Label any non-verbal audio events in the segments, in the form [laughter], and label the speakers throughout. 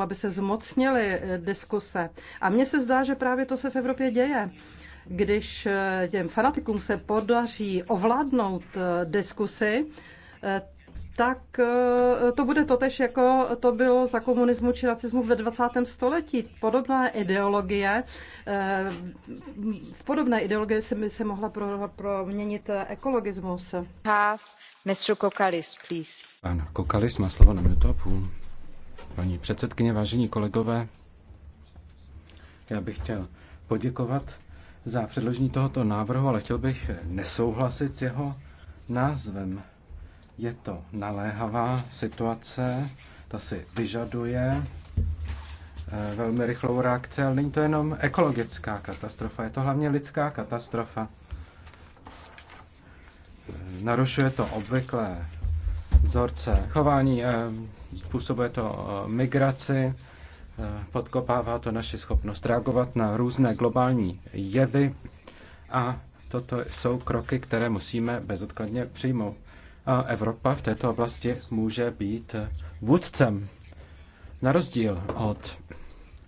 Speaker 1: aby se zmocnili eh, diskuse. A mně se zdá, že právě to se v Evropě děje. Když eh, těm fanatikům se podaří ovládnout eh, diskusy, tak to bude totež, jako to bylo za komunismu či nacismu ve 20. století. Podobná ideologie, v podobné ideologie se by se mohla pro, proměnit ekologismus. Have
Speaker 2: Mr. Kokalis, please. Ano, Kokalis má slovo na minutu a půl. Paní předsedkyně, vážení kolegové, já bych chtěl poděkovat za předložení tohoto návrhu, ale chtěl bych nesouhlasit s jeho názvem. Je to naléhavá situace, ta si vyžaduje eh, velmi rychlou reakci, ale není to jenom ekologická katastrofa, je to hlavně lidská katastrofa. Eh, narušuje to obvyklé vzorce chování eh, Způsobuje to eh, migraci, eh, podkopává to naši schopnost reagovat na různé globální jevy a toto jsou kroky, které musíme bezodkladně přijmout. A Evropa v této oblasti může být eh, vůdcem. Na rozdíl od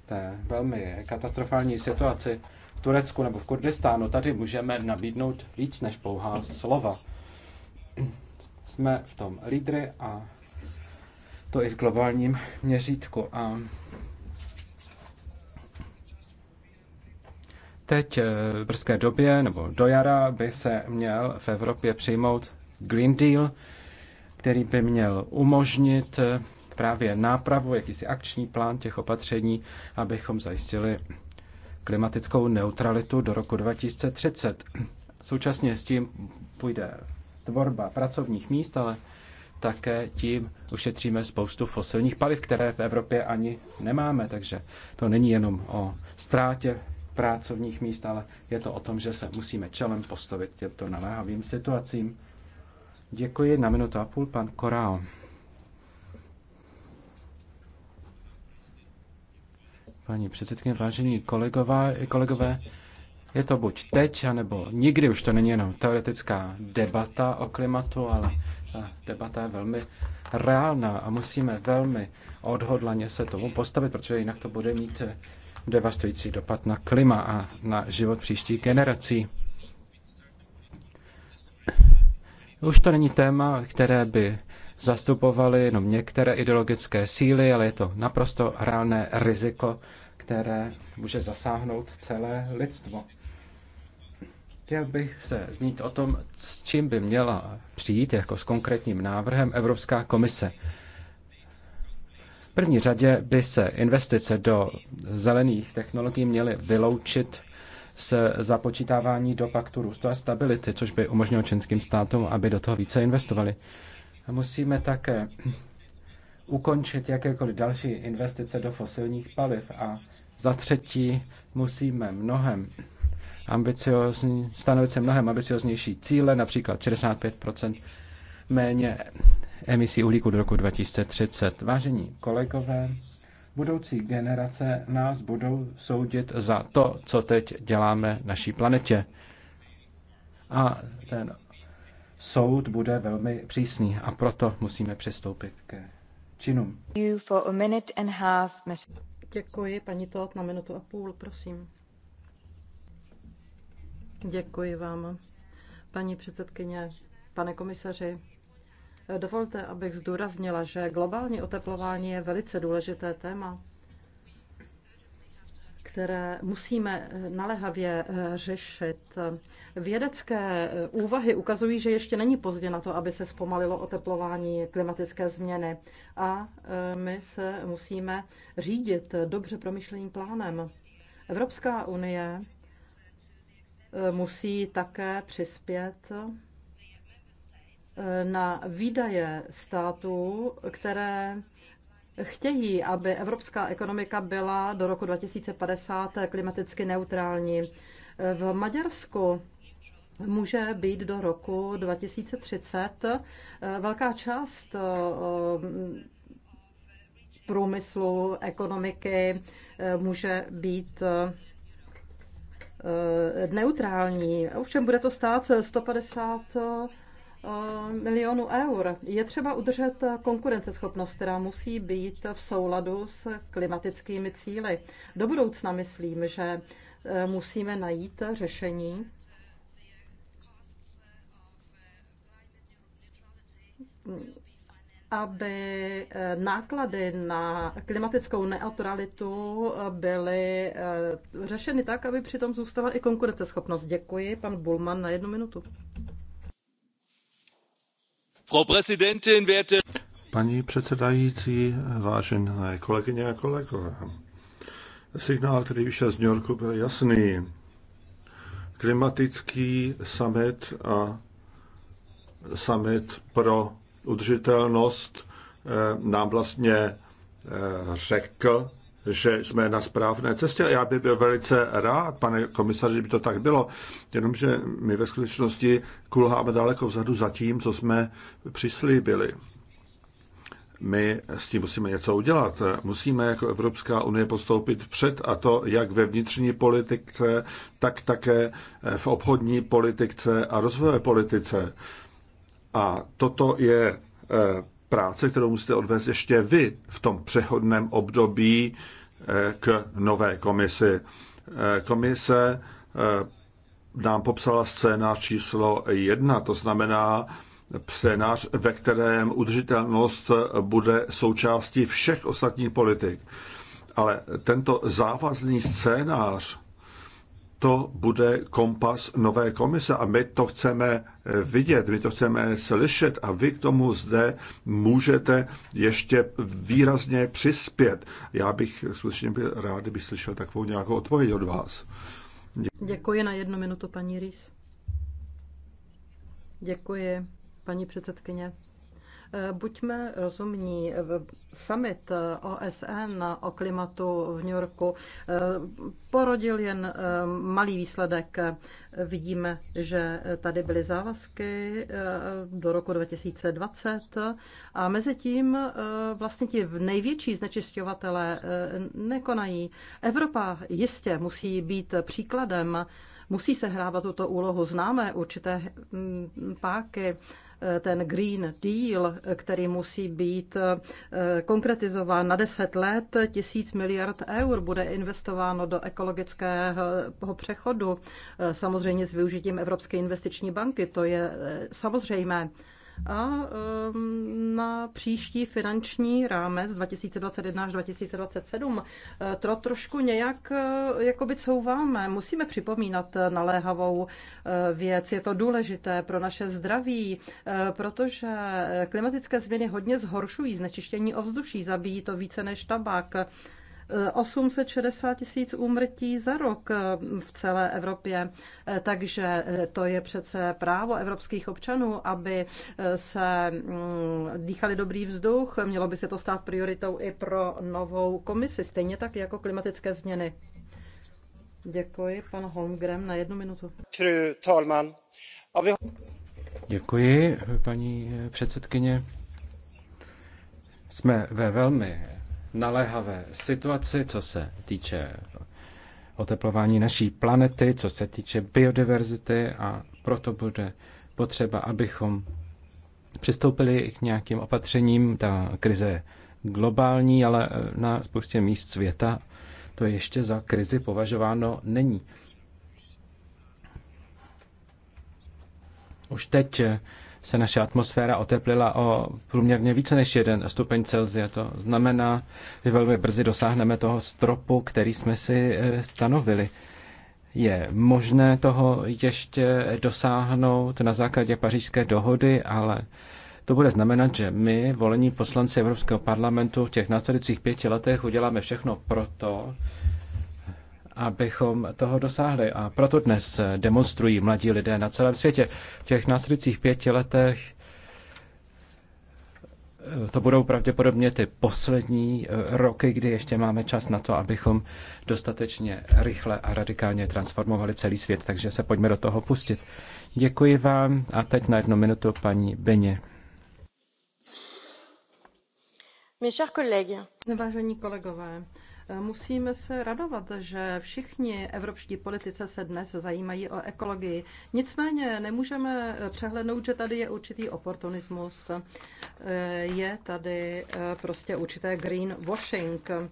Speaker 2: té velmi katastrofální situaci v Turecku nebo v Kurdistánu, tady můžeme nabídnout víc než pouhá slova. Jsme v tom lídry a to i v globálním měřítku. A teď eh, v brzké době nebo do jara by se měl v Evropě přijmout Green Deal, který by měl umožnit eh, právě nápravu, jakýsi akční plán těch opatření, abychom zajistili klimatickou neutralitu do roku 2030. Současně s tím půjde tvorba pracovních míst, ale také tím ušetříme spoustu fosilních paliv, které v Evropě ani nemáme. Takže to není jenom o ztrátě pracovních míst, ale je to o tom, že se musíme čelem postavit těmto naléhavým situacím. Děkuji. Na minutu a půl pan Korál. Paní předsedkyně, vážení kolegové, kolegové, je to buď teď, anebo nikdy. Už to není jenom teoretická debata o klimatu, ale ta debata je velmi reálná a musíme velmi odhodlaně se tomu postavit, protože jinak to bude mít devastující dopad na klima a na život příští generací. Už to není téma, které by zastupovaly jenom některé ideologické síly, ale je to naprosto reálné riziko, které může zasáhnout celé lidstvo. Chtěl bych se zmínit o tom, s čím by měla přijít jako s konkrétním návrhem Evropská komise. V první řadě by se investice do zelených technologií měly vyloučit s započítávání do paktu růstu a stability, což by umožnilo českým státům, aby do toho více investovali. A musíme také ukončit jakékoliv další investice do fosilních paliv a za třetí musíme mnohem ambiciozní, stanovit se mnohem ambicioznější cíle, například 65 méně emisí uhlíku do roku 2030. Vážení kolegové, budoucí generace nás budou soudit za to, co teď děláme naší planetě. A ten soud bude velmi přísný a proto musíme přistoupit ke činům.
Speaker 1: Děkuji, paní Tot, na minutu a půl, prosím. Děkuji vám, paní předsedkyně, pane komisaři. Dovolte, abych zdůraznila, že globální oteplování je velice důležité téma, které musíme naléhavě eh, řešit. Vědecké eh, úvahy ukazují, že ještě není pozdě na to, aby se zpomalilo oteplování klimatické změny a eh, my se musíme řídit dobře promyšleným plánem. Evropská unie musí také přispět eh, na výdaje států, které chtějí, aby evropská ekonomika byla do roku 2050 klimaticky neutrální. V Maďarsku může být do roku 2030 eh, velká část eh, průmyslu, ekonomiky může být Eh, neutrální. Ovšem bude to stát 150 eh, milionů eur. Je třeba udržet konkurenceschopnost, která musí být v souladu s klimatickými cíly. Do budoucna myslím, že eh, musíme najít řešení, aby eh, náklady na klimatickou neutralitu eh, byly eh, řešeny tak, aby přitom zůstala i konkurenceschopnost. Děkuji, pan Bulman, na jednu minutu.
Speaker 3: Paní předsedající, vážené kolegyně a kolegové, signál, který vyšel z New Yorku, byl jasný. Klimatický summit a summit pro udržitelnost eh, nám vlastně eh, řekl, že jsme na správné cestě. Já bych byl velice rád, pane komisaři, že by to tak bylo, jenomže my ve skutečnosti kulháme daleko vzadu za tím, co jsme přislíbili. My s tím musíme něco udělat. Musíme jako Evropská unie postoupit před a to jak ve vnitřní politice, tak také v obchodní politice a rozvojové politice. A toto je eh, práce, kterou musíte odvést ještě vy v tom přechodném období eh, k nové komisi. Eh, komise nám popsala scénář číslo jedna, to znamená scénář, ve kterém udržitelnost bude součástí všech ostatních politik. Ale tento závazný scénář to bude kompas nové komise a my to chceme vidět, my to chceme slyšet a vy k tomu zde můžete ještě výrazně přispět. Já bych skutečně byl rád, kdybych slyšel takovou nějakou odpověď od vás. Děkuji,
Speaker 1: Děkuji na jednu minutu, paní Rýs. Děkuji, paní předsedkyně. Eh, buďme rozumní. Eh, summit eh, OSN o klimatu v New Yorku porodil jen malý výsledek. Vidíme, že tady byly závazky do roku 2020 a mezi tím vlastně ti největší znečišťovatelé nekonají. Evropa jistě musí být příkladem musí se hrávat tuto úlohu. Známe určité hm, páky Eh, ten Green Deal, který musí být eh, konkretizován na 10 let, tisíc miliard eur bude investováno do ekologického přechodu, eh, samozřejmě s využitím Evropské investiční banky, to je samozřejmé a na příští finanční rámec 2021 až 2027 eh, to trošku nějak eh, jakoby couváme. Musíme připomínat naléhavou eh, věc. Je to důležité pro naše zdraví, protože klimatické změny hodně zhoršují znečištění ovzduší, zabíjí to více než tabák. 860 tisíc úmrtí za rok eh, v celé Evropě. Eh, takže eh, to je přece právo evropských občanů, aby se mm, dýchali dobrý vzduch. Mělo by se to stát prioritou i pro novou komisi, stejně tak jako klimatické změny. Děkuji, pan Holmgren, na jednu minutu.
Speaker 2: talman. Děkuji, paní předsedkyně. Jsme ve velmi naléhavé situaci, co se týče oteplování naší planety, co se týče biodiverzity a proto bude potřeba, abychom přistoupili k nějakým opatřením. Ta krize je globální, ale na spoustě míst světa to ještě za krizi považováno není. Už teď se naše atmosféra oteplila o průměrně více než 1 stupeň Celsia. To znamená, že velmi brzy dosáhneme toho stropu, který jsme si eh, stanovili. Je možné toho ještě dosáhnout na základě pařížské dohody, ale to bude znamenat, že my, volení poslanci Evropského parlamentu, v těch následujících pěti letech uděláme všechno proto, abychom toho dosáhli. A proto dnes demonstrují mladí lidé na celém světě. V těch následujících pěti letech eh, to budou pravděpodobně ty poslední eh, roky, kdy ještě máme čas na to, abychom dostatečně rychle a radikálně transformovali celý svět, takže se pojďme do toho pustit. Děkuji vám a teď na jednu minutu paní Beně.
Speaker 1: Vážení kolegové, Musíme se radovat, že všichni evropští politice se dnes zajímají o ekologii. Nicméně nemůžeme přehlednout, že tady je určitý oportunismus, je tady eh, prostě určité greenwashing. Eh,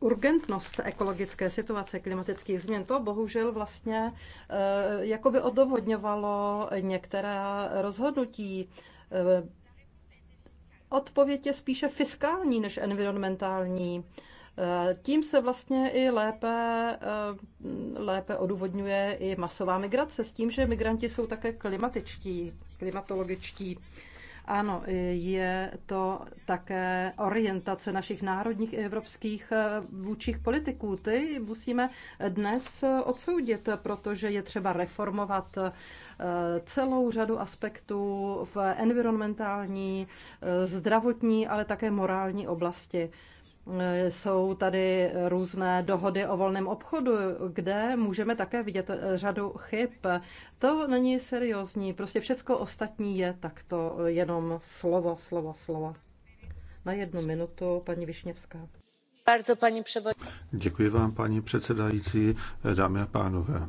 Speaker 1: urgentnost ekologické situace klimatických změn, to bohužel vlastně eh, jakoby odovodňovalo některá rozhodnutí odpověď je spíše fiskální než environmentální. Eh, tím se vlastně i lépe, eh, lépe odůvodňuje i masová migrace s tím, že migranti jsou také klimatičtí, klimatologičtí. Ano, je to také orientace našich národních i evropských eh, vůčích politiků. Ty musíme dnes odsoudit, protože je třeba reformovat celou řadu aspektů v environmentální, zdravotní, ale také morální oblasti. Jsou tady různé dohody o volném obchodu, kde můžeme také vidět řadu chyb. To není seriózní, prostě všecko ostatní je takto jenom slovo, slovo, slovo. Na jednu minutu, paní Višněvská. Bardzo, paní převod...
Speaker 3: Děkuji vám, paní předsedající, dámy a pánové.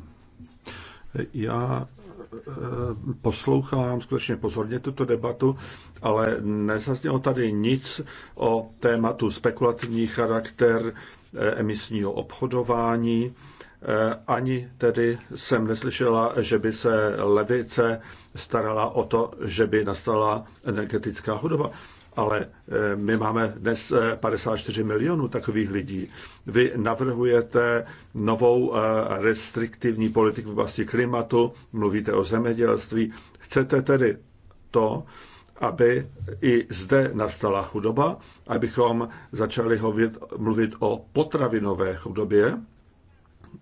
Speaker 3: Já Eh, poslouchám skutečně pozorně tuto debatu, ale nezaznělo tady nic o tématu spekulativní charakter eh, emisního obchodování. Eh, ani tedy jsem neslyšela, že by se levice starala o to, že by nastala energetická chudoba ale eh, my máme dnes 54 eh, milionů takových lidí. Vy navrhujete novou eh, restriktivní politiku v oblasti klimatu, mluvíte o zemědělství. Chcete tedy to, aby i zde nastala chudoba, abychom začali hovět, mluvit o potravinové chudobě.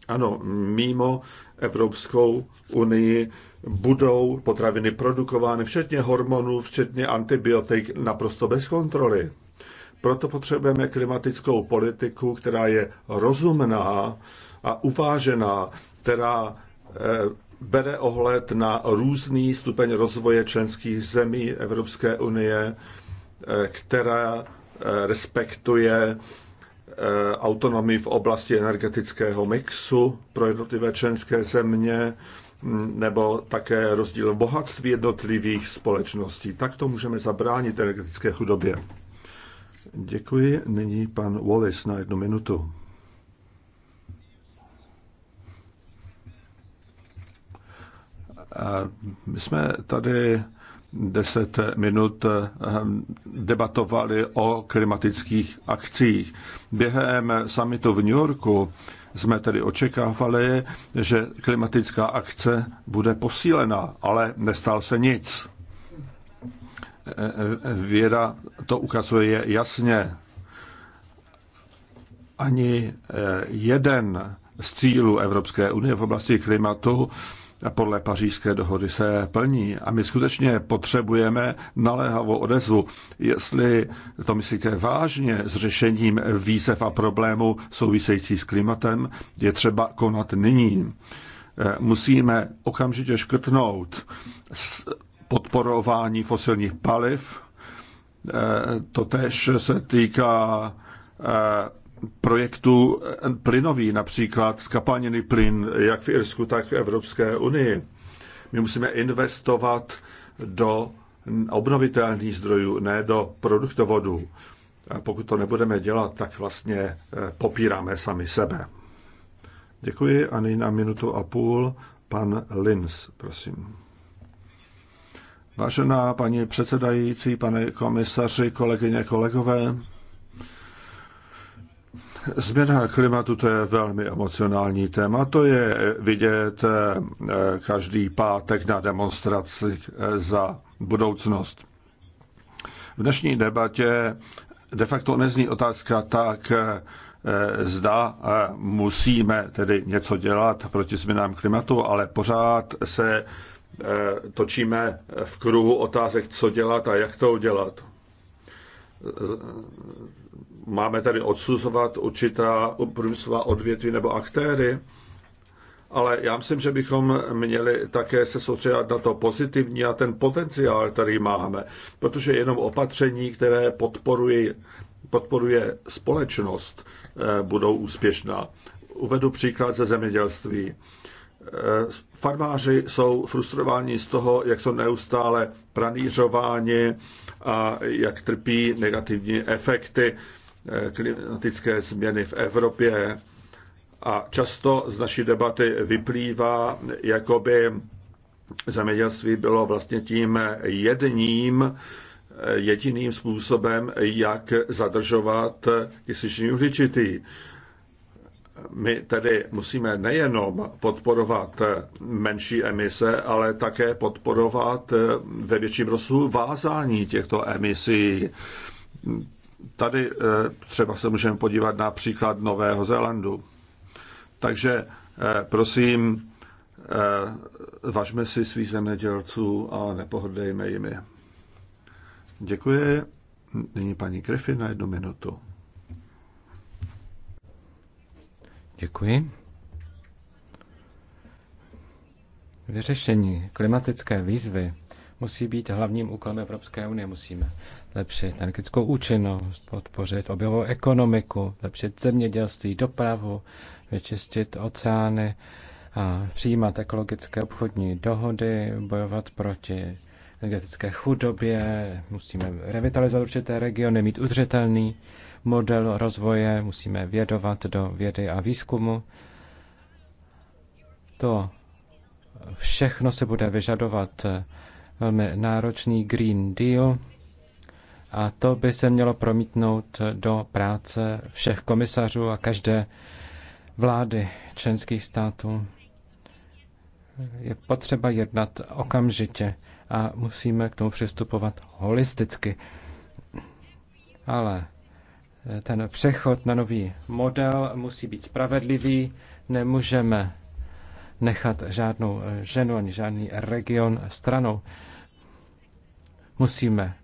Speaker 3: Ano, mimo Evropskou unii budou potraviny produkovány, včetně hormonů, včetně antibiotik, naprosto bez kontroly. Proto potřebujeme klimatickou politiku, která je rozumná a uvážená, která eh, bere ohled na různý stupeň rozvoje členských zemí Evropské unie, eh, která eh, respektuje Eh, autonomii v oblasti energetického mixu pro jednotlivé členské země mm, nebo také rozdíl v bohatství jednotlivých společností. Tak to můžeme zabránit energetické chudobě. Děkuji. Nyní pan Wallis na jednu minutu. Eh, my jsme tady 10 minut ehm, debatovali o klimatických akcích. Během summitu v New Yorku jsme tedy očekávali, že klimatická akce bude posílena, ale nestal se nic. E, e, věda to ukazuje jasně. Ani e, jeden z cílů Evropské unie v oblasti klimatu podle pařížské dohody se plní. A my skutečně potřebujeme naléhavou odezvu. Jestli to myslíte vážně s řešením výzev a problémů související s klimatem, je třeba konat nyní. Eh, musíme okamžitě škrtnout podporování fosilních paliv. Eh, Totež se týká eh, projektu plynový, například skapalněný plyn, jak v Irsku, tak v Evropské unii. My musíme investovat do obnovitelných zdrojů, ne do produktovodů. A pokud to nebudeme dělat, tak vlastně eh, popíráme sami sebe. Děkuji a nyní na minutu a půl pan Lins, prosím. Vážená paní předsedající, pane komisaři, kolegyně, kolegové, Změna klimatu to je velmi emocionální téma. To je vidět eh, každý pátek na demonstraci eh, za budoucnost. V dnešní debatě de facto nezní otázka tak, eh, zda musíme tedy něco dělat proti změnám klimatu, ale pořád se točíme v kruhu otázek, co dělat a jak to udělat máme tady odsuzovat určitá průmyslová odvětví nebo aktéry, ale já myslím, že bychom měli také se soustředit na to pozitivní a ten potenciál, který máme, protože jenom opatření, které podporuje, podporuje společnost, eh, budou úspěšná. Uvedu příklad ze zemědělství. Eh, farmáři jsou frustrováni z toho, jak jsou neustále pranířováni a jak trpí negativní efekty eh, klimatické změny v Evropě. A často z naší debaty vyplývá, jakoby zemědělství bylo vlastně tím jedním, eh, jediným způsobem, jak zadržovat kysličný uhličitý. My tedy musíme nejenom podporovat menší emise, ale také podporovat eh, ve větším rozsahu vázání těchto emisí. Tady eh, třeba se můžeme podívat na příklad Nového Zélandu. Takže eh, prosím, važme si svých zemědělců a nepohodlejme jimi. Děkuji. Nyní paní Griffin na jednu minutu. Děkuji.
Speaker 2: Vyřešení klimatické výzvy musí být hlavním úkolem Evropské unie. Musíme lepšit energetickou účinnost, podpořit objevovou ekonomiku, lepšit zemědělství, dopravu, vyčistit oceány, a přijímat ekologické obchodní dohody, bojovat proti energetické chudobě, musíme revitalizovat určité regiony, mít udržitelný model rozvoje, musíme vědovat do vědy a výzkumu. To všechno se bude vyžadovat eh, velmi náročný Green Deal a to by se mělo promítnout do práce všech komisařů a každé vlády členských států. Je potřeba jednat okamžitě a musíme k tomu přistupovat holisticky. Ale ten přechod na nový model musí být spravedlivý. Nemůžeme nechat žádnou ženu ani žádný region stranou. Musíme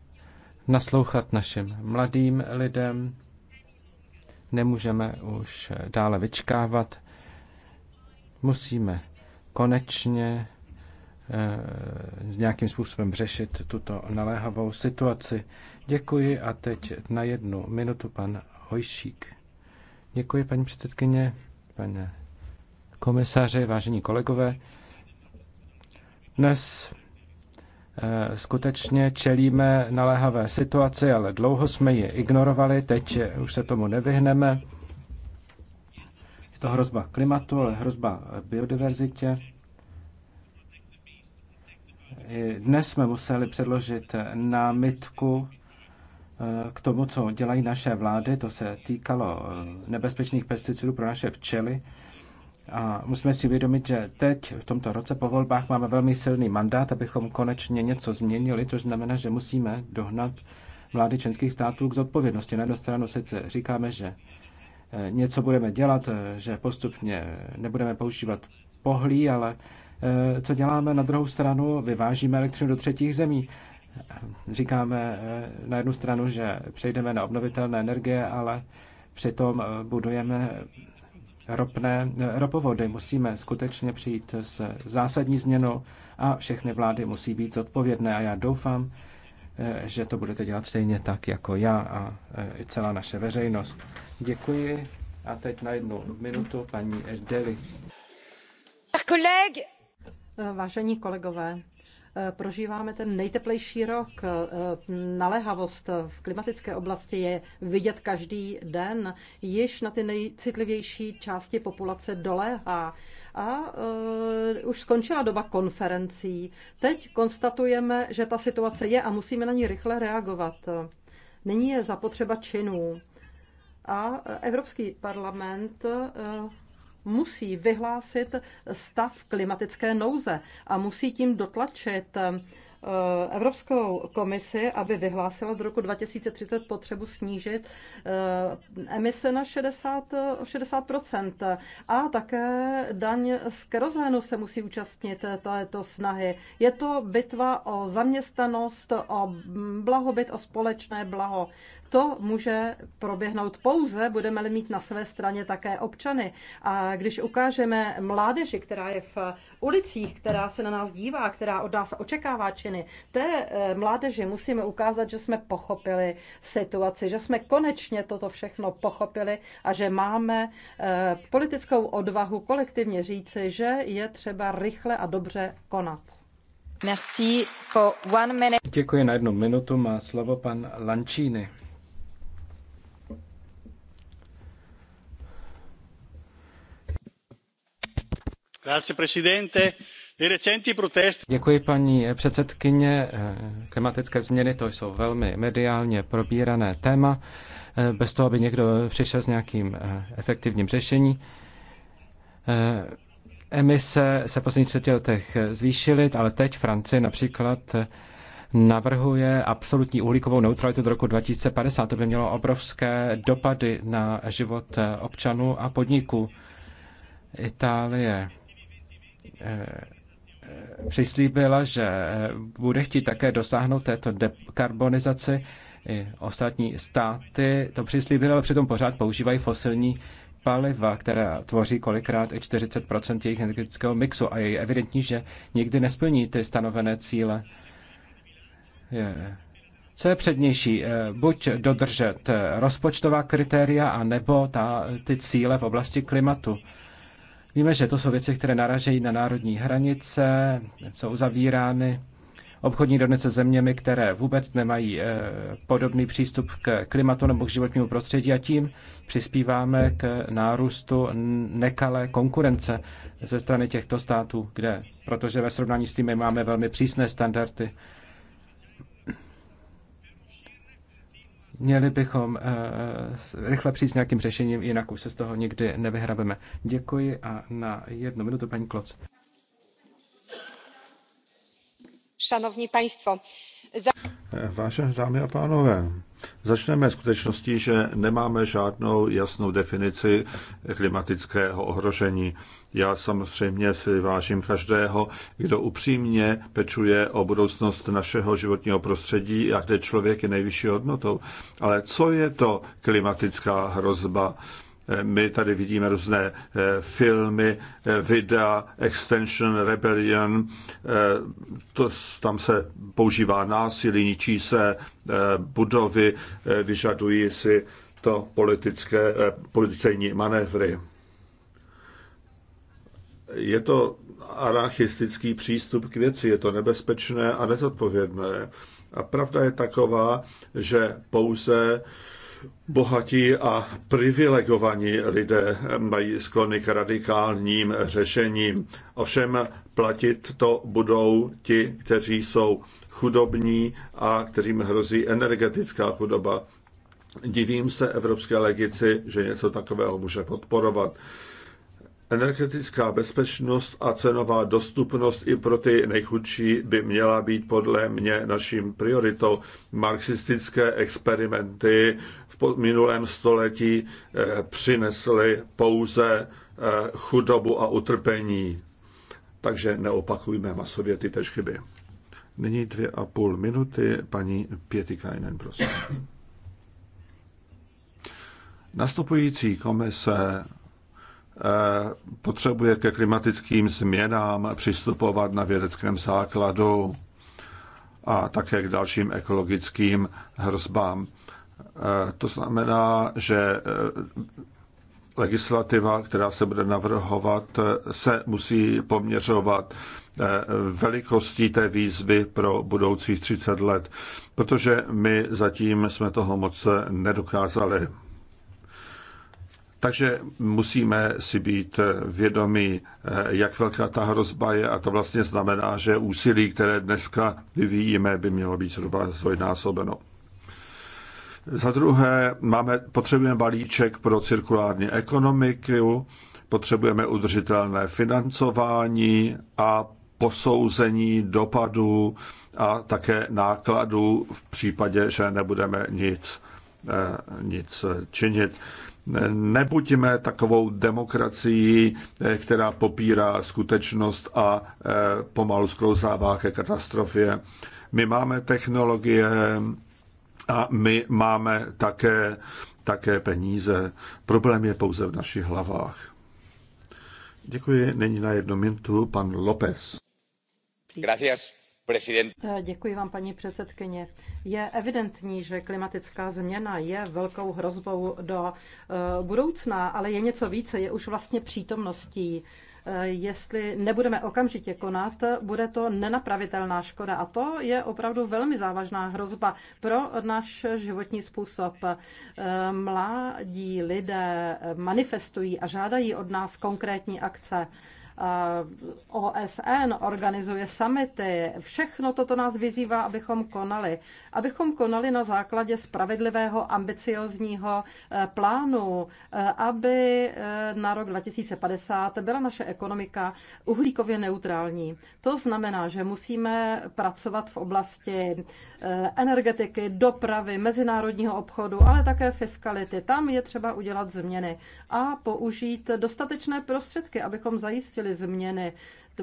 Speaker 2: naslouchat našim mladým lidem. Nemůžeme už dále vyčkávat. Musíme konečně Eh, nějakým způsobem řešit tuto naléhavou situaci. Děkuji a teď na jednu minutu pan Hojšík. Děkuji, paní předsedkyně, pane komisaři, vážení kolegové. Dnes eh, skutečně čelíme naléhavé situaci, ale dlouho jsme ji ignorovali, teď už se tomu nevyhneme. Je to hrozba klimatu, ale hrozba biodiverzitě i dnes jsme museli předložit námitku eh, k tomu, co dělají naše vlády. To se týkalo eh, nebezpečných pesticidů pro naše včely. A musíme si uvědomit, že teď v tomto roce po volbách máme velmi silný mandát, abychom konečně něco změnili, což znamená, že musíme dohnat vlády členských států k zodpovědnosti. Na jednu stranu sice říkáme, že eh, něco budeme dělat, že postupně nebudeme používat pohlí, ale Eh, co děláme na druhou stranu, vyvážíme elektřinu do třetích zemí. Říkáme eh, na jednu stranu, že přejdeme na obnovitelné energie, ale přitom eh, budujeme ropné, ropovody. Musíme skutečně přijít s zásadní změnou a všechny vlády musí být zodpovědné a já doufám, že to budete dělat stejně tak jako já a i celá naše veřejnost. Děkuji a teď na jednu minutu paní Deli. Chers collègues,
Speaker 1: Vážení kolegové, prožíváme ten nejteplejší rok. Naléhavost v klimatické oblasti je vidět každý den. Již na ty nejcitlivější části populace doléhá a uh, už skončila doba konferencí. Teď konstatujeme, že ta situace je a musíme na ní rychle reagovat. Nyní je zapotřeba činů. A eh, Evropský parlament uh, musí vyhlásit stav klimatické nouze a musí tím dotlačit eh, Evropskou komisi, aby vyhlásila do roku 2030 potřebu snížit eh, emise na 60, 60 A také daň z kerozénu se musí účastnit této snahy. Je to bitva o zaměstnanost, o blahobyt, o společné blaho. To může proběhnout pouze, budeme-li mít na své straně také občany. A když ukážeme mládeži, která je v ulicích, která se na nás dívá, která od nás očekává činy, té eh, mládeži musíme ukázat, že jsme pochopili situaci, že jsme konečně toto všechno pochopili a že máme eh, politickou odvahu kolektivně říci, že je třeba rychle a dobře konat. Merci for one minute.
Speaker 2: Děkuji na jednu minutu. Má slovo pan Lančíny. Děkuji, paní předsedající Klimatické změny to jsou velmi mediálně probírané téma, bez toho, aby někdo přišel s nějakým eh, efektivním řešením. Eh, emise se v posledních třetí letech zvýšily, ale teď Francie například eh, navrhuje absolutní uhlíkovou neutralitu do roku 2050. To by mělo obrovské dopady na život občanů a podniků. Itálie Eh, přislíbila, že eh, bude chtít také dosáhnout této dekarbonizaci. I ostatní státy to přislíbily, ale přitom pořád používají fosilní paliva, která tvoří kolikrát i 40 jejich energetického mixu a je evidentní, že nikdy nesplní ty stanovené cíle. Je. Co je přednější? Eh, buď dodržet rozpočtová kritéria, anebo ta, ty cíle v oblasti klimatu. Víme, že to jsou věci, které naražejí na národní hranice, jsou zavírány obchodní dohody se zeměmi, které vůbec nemají eh, podobný přístup k klimatu nebo k životnímu prostředí a tím přispíváme k nárůstu nekalé konkurence ze strany těchto států, kde, protože ve srovnání s tím máme velmi přísné standardy Měli bychom eh, rychle přijít s nějakým řešením, jinak už se z toho nikdy nevyhrabeme. Děkuji a na jednu minutu paní Kloc.
Speaker 1: Szanowni Państwo,
Speaker 3: Vážené dámy a pánové, začneme skutečností, že nemáme žádnou jasnou definici klimatického ohrožení. Já samozřejmě si vážím každého, kdo upřímně pečuje o budoucnost našeho životního prostředí a kde člověk je nejvyšší hodnotou. Ale co je to klimatická hrozba? My tady vidíme různé eh, filmy, eh, videa, Extension Rebellion, eh, to, tam se používá násilí, ničí se budovy, vyžadují si to politické, policejní manévry. Je to anarchistický přístup k věci, je to nebezpečné a nezodpovědné. A pravda je taková, že pouze bohatí a privilegovaní lidé mají sklony k radikálním řešením. Ovšem platit to budou ti, kteří jsou chudobní a kterým hrozí energetická chudoba. Divím se evropské legici, že něco takového může podporovat. Energetická bezpečnost a cenová dostupnost i pro ty nejchudší by měla být podle mě naším prioritou. Marxistické experimenty v minulém století eh, přinesly pouze eh, chudobu a utrpení. Takže neopakujme masově ty tež chyby. Nyní dvě a půl minuty, paní Pětikajnen, prosím. [coughs] Nastupující komise Eh, potřebuje ke klimatickým změnám přistupovat na vědeckém základu a také k dalším ekologickým hrozbám. Eh, to znamená, že eh, legislativa, která se bude navrhovat, se musí poměřovat velikostí té výzvy pro budoucích 30 let, protože my zatím jsme toho moc nedokázali. Takže musíme si být vědomi, eh, jak velká ta hrozba je a to vlastně znamená, že úsilí, které dneska vyvíjíme, by mělo být zhruba zvojnásobeno. Za druhé, máme, potřebujeme balíček pro cirkulární ekonomiku, potřebujeme udržitelné financování a posouzení dopadů a také nákladů v případě, že nebudeme nic, eh, nic činit. Nebuďme takovou demokracií, eh, která popírá skutečnost a eh, pomalu sklouzává ke katastrofě. My máme technologie a my máme také, také peníze. Problém je pouze v našich hlavách. Děkuji. Není na jednu minutu pan López.
Speaker 2: Gracias. Eh,
Speaker 1: děkuji vám, paní předsedkyně. Je evidentní, že klimatická změna je velkou hrozbou do eh, budoucna, ale je něco více, je už vlastně přítomností eh, jestli nebudeme okamžitě konat, bude to nenapravitelná škoda. A to je opravdu velmi závažná hrozba pro náš životní způsob. Mládí lidé manifestují a žádají od nás konkrétní akce. OSN organizuje samity. Všechno toto nás vyzývá, abychom konali abychom konali na základě spravedlivého, ambiciozního eh, plánu, eh, aby eh, na rok 2050 byla naše ekonomika uhlíkově neutrální. To znamená, že musíme pracovat v oblasti energetiky, dopravy, mezinárodního obchodu, ale také fiskality. Tam je třeba udělat změny a použít dostatečné prostředky, abychom zajistili změny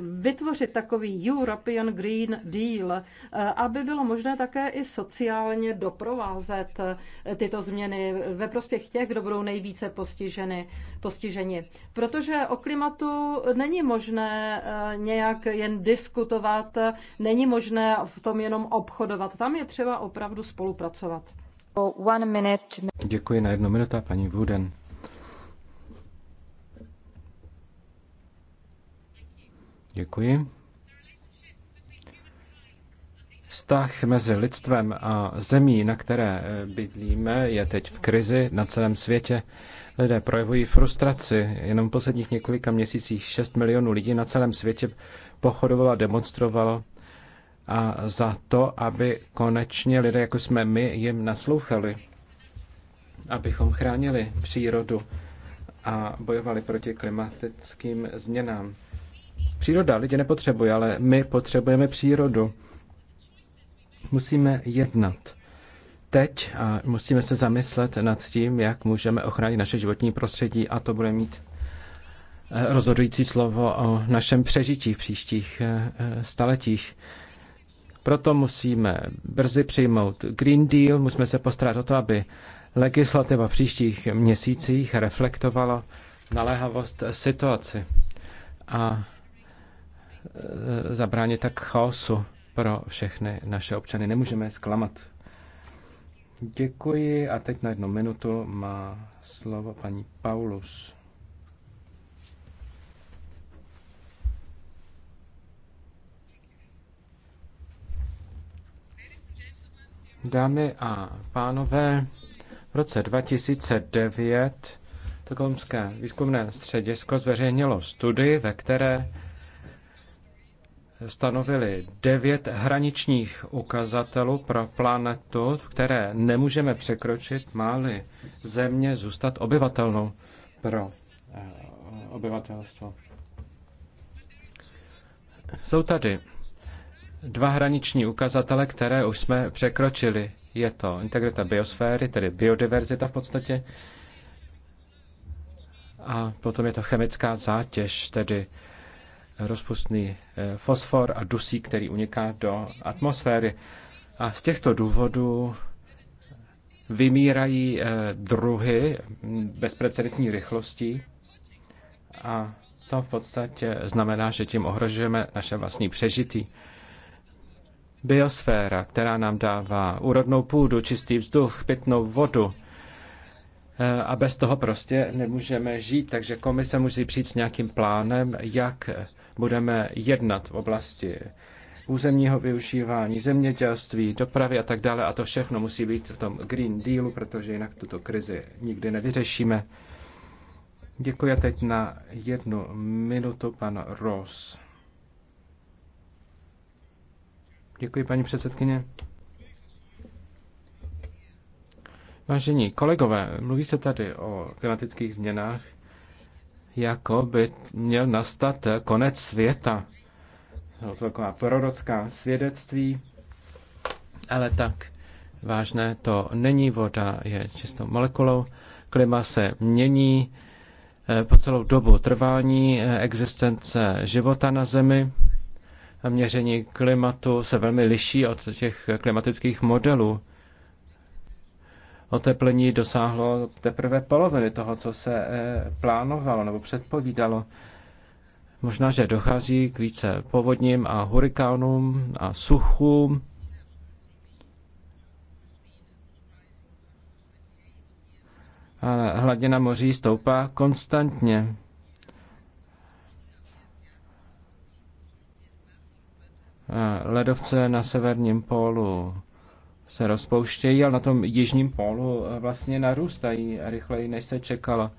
Speaker 1: vytvořit takový European Green Deal, eh, aby bylo možné také i sociálně doprovázet eh, tyto změny ve prospěch těch, kdo budou nejvíce postiženi. postiženi. Protože o klimatu není možné eh, nějak jen diskutovat, není možné v tom jenom obchodovat. Tam je třeba opravdu spolupracovat.
Speaker 2: Děkuji na jednu minutu, paní Wooden. Děkuji. Vztah mezi lidstvem a zemí, na které eh, bydlíme, je teď v krizi na celém světě. Lidé projevují frustraci. Jenom v posledních několika měsících 6 milionů lidí na celém světě pochodovalo a demonstrovalo a za to, aby konečně lidé, jako jsme my, jim naslouchali, abychom chránili přírodu a bojovali proti klimatickým změnám. Příroda lidi nepotřebuje, ale my potřebujeme přírodu. Musíme jednat teď a musíme se zamyslet nad tím, jak můžeme ochránit naše životní prostředí a to bude mít eh, rozhodující slovo o našem přežití v příštích eh, eh, staletích. Proto musíme brzy přijmout Green Deal, musíme se postarat o to, aby legislativa v příštích měsících reflektovala naléhavost situaci. A Eh, zabránit tak chaosu pro všechny naše občany. Nemůžeme je zklamat. Děkuji a teď na jednu minutu má slovo paní Paulus. Dámy a pánové, v roce 2009 Tokomské výzkumné středisko zveřejnilo studii, ve které stanovili devět hraničních ukazatelů pro planetu, které nemůžeme překročit, máli země zůstat obyvatelnou pro eh, obyvatelstvo. Jsou tady dva hraniční ukazatele, které už jsme překročili. Je to integrita biosféry, tedy biodiverzita v podstatě, a potom je to chemická zátěž, tedy rozpustný eh, fosfor a dusík, který uniká do atmosféry. A z těchto důvodů vymírají eh, druhy bezprecedentní rychlostí a to v podstatě znamená, že tím ohrožujeme naše vlastní přežití. Biosféra, která nám dává úrodnou půdu, čistý vzduch, pitnou vodu, eh, a bez toho prostě nemůžeme žít. Takže komise musí přijít s nějakým plánem, jak budeme jednat v oblasti územního využívání, zemědělství, dopravy a tak dále. A to všechno musí být v tom Green Dealu, protože jinak tuto krizi nikdy nevyřešíme. Děkuji teď na jednu minutu pan Ross. Děkuji, paní předsedkyně. Vážení kolegové, mluví se tady o klimatických změnách jako by měl nastat konec světa. To taková prorocká svědectví, ale tak vážné to není. Voda je čistou molekulou, klima se mění eh, po celou dobu trvání eh, existence života na Zemi. Měření klimatu se velmi liší od těch klimatických modelů oteplení dosáhlo teprve poloviny toho, co se eh, plánovalo nebo předpovídalo. Možná, že dochází k více povodním a hurikánům a suchům. A hladina moří stoupá konstantně. Ledovce na severním pólu se rozpouštějí, ale na tom jižním polu eh, vlastně narůstají rychleji, než se čekalo.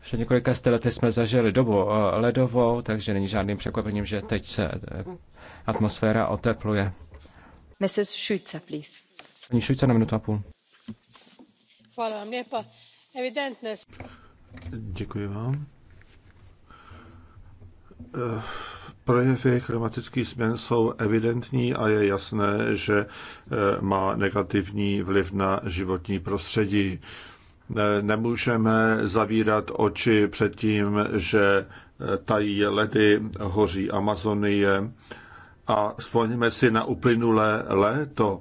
Speaker 2: Před několika sty lety jsme zažili dobu eh, ledovou, takže není žádným překvapením, že teď se eh, atmosféra otepluje.
Speaker 1: Mrs. Šujce, please.
Speaker 2: Pani Šujce na minutu a půl.
Speaker 1: Hvala vám lepa.
Speaker 2: Evidentně.
Speaker 3: Děkuji vám. Uh Projevy klimatických změn jsou evidentní a je jasné, že eh, má negativní vliv na životní prostředí. Eh, nemůžeme zavírat oči před tím, že eh, tají ledy, hoří Amazonie a vzpomněme si na uplynulé léto.